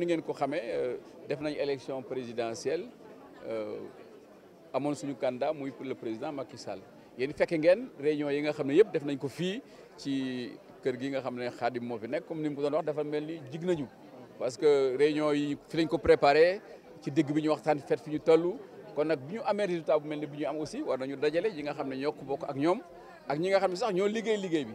ni ngeen ko xamee euh, def nañ élection présidentielle Euh, amoon suñu candidat muy pour le président Macky Sall yeen fekke ngeen réunion yi nga xamné yépp def nañ ko fi ci kër gi nga xamné Khadim xaadim moo fi nekk comme nim ko doon wax dafa melni ni parce que réunion yi fi lañ ko préparer ci digg bi ñu waxtaan fet fi ñu toll kon nak biñu amé résultat bu melni biñu am aussi war nañu dajalé yi nga xamné ne bokk ak ñom ak ñi nga xamné sax ñoo liggéey liggéey bi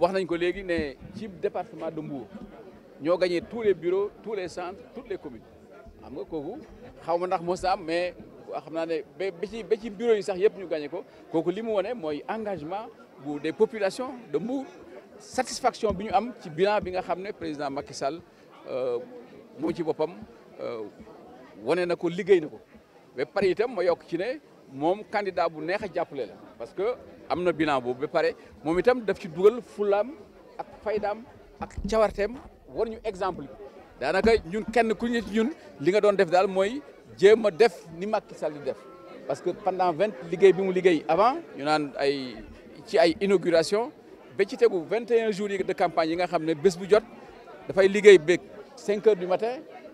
wax nañ ko léegi ne ci département de Mbour ñoo gagné tous les bureaux tous les centres toutes les communes xam nga kooku xaw ma ndax moo sa mais xam naa ne ba ci ba ci bureau yi sax yëpp ñu gagné ko kooku li mu wone engagement bu des populations de Mbour satisfaction bi ñu am ci bilan bi nga xam ne président Macky Sall euh moom ci bopam euh woné nako liggéey nako mais par itam ma yok ci né moom candidat bu neex a la parce que amna na bilan boobu ba pare moom itam daf ci dugal fulam ak faydam ak cawarteem war ñu exemple danaka ñun kenn ku ñu ñun li nga doon def dal moy jéem def ni Macky Sall def parce que pendant 20 liggéey bi mu liggéey avant ñu naan ay ci ay inauguration be ci tegu 21 jours de campagne yi nga xamné bës bu jot da fay liggéey ba 5 h du matin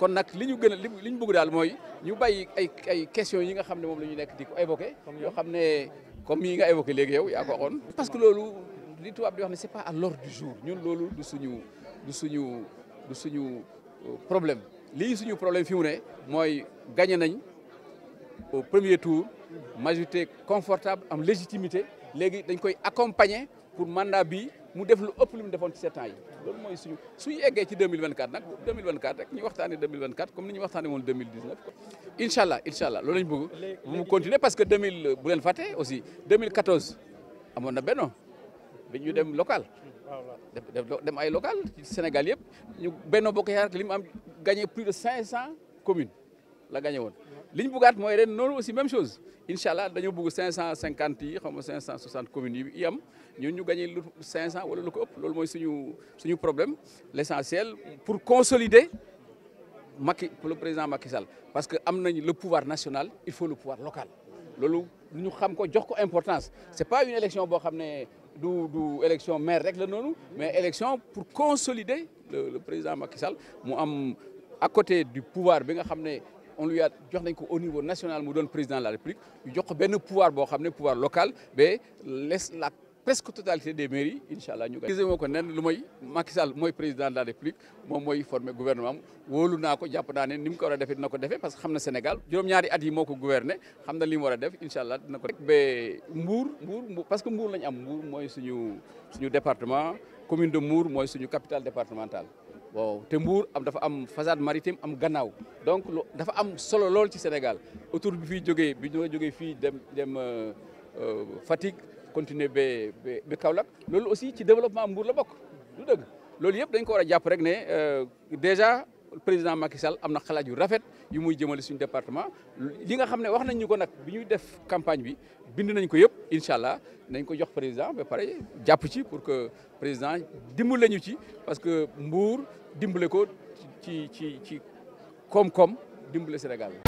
kon nak liñu ñu liñu bëgg dal moy ñu bàyyi ay ay questions yi nga xam mom lañu nekk di ko évoqué. yoo xam comme yi nga évoquer légui yow ya ko waxoon. parce que lolu li tuwab di wax ni c'est pas à l'ordre du jour ñun lolu du suñu du suñu du suñu euh, problème li suñu problème fi mu ne moy gagné nañ au premier tour majorité confortable am légitimité légui dañ koy accompagner pour mandat bi mu def lu ëpp lu mu defoon ci sept ans yi loolu mooy suñu suñu eggee ci 2024 nak 2024 rek ñu waxtaanee 2024 comme ni ñu waxtaanee woon 2019 quoi incha allah incha allah loolu lañ bëgg mu continuer parce que 2000 bu leen fàtte aussi 2014 amoon na benno bi ñu dem local dem ay local ci Sénégal yépp ñu benno bokk yaar li mu am gagné plus de 500 communes la gagné won liñ ñu moy aussi même chose inchallah nous avons 550 yi 560 communes yi avons ñun gagné 500 wala lu ko problème l'essentiel pour consolider pour le président Macky Sall parce que le pouvoir national il faut le pouvoir local lolu ñu xam ko importance c'est pas une élection bo xamné du élection maire rek mais élection pour consolider le, président Macky Sall à côté du pouvoir bi on lui a jox nañ ko au niveau national mu doon président de la république ñu jox ko benn pouvoir boo xam pouvoir local mais les la presque totalité des mairies inshallah. allah ñu ga gisee moo ko nen lu mooy Macky Sall mooy président de la république moom mooy former gouvernement am wóolu naa ko jàpp naa ne ni mu ko war a defee ko defee parce que xam na Sénégal juróom-ñaari at yi moo ko gouverner xam na li mu war a def Inshallah, allah dina ko rek ba Mbour Mbour parce que Mbour lañ am Mbour mooy suñu suñu département commune de Mbour mooy suñu capitale départementale waaw te Mbour am dafa am façade maritime am gannaaw donc dafa am solo lool ci Sénégal autour bi fiy jógee bi ñu jógee fii dem dem euh, euh, Fatick continuer be, be Kaolack loolu aussi ci développement Mbour la bokk du dëgg loolu yëpp dañ ko war a jàpp rek ne euh, déjà président Macky Sall am na xalaat yu rafet yu muy jëmale suñu département li nga xam ne wax nañ ñu ko nag bi ñuy def campagne bi bind nañ ko yëpp incha allah nañ ko jox président ba pare jàpp ci pour que président dimbali ñu ci parce que Mbour dimbale ko ci ci ci koom-koom dimbale Sénégal.